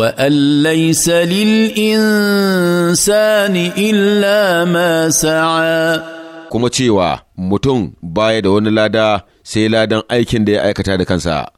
وان ليس للانسان الا ما سعى kuma cewa mutum baya da wani lada sai ladan aikin da ya aikata da kansa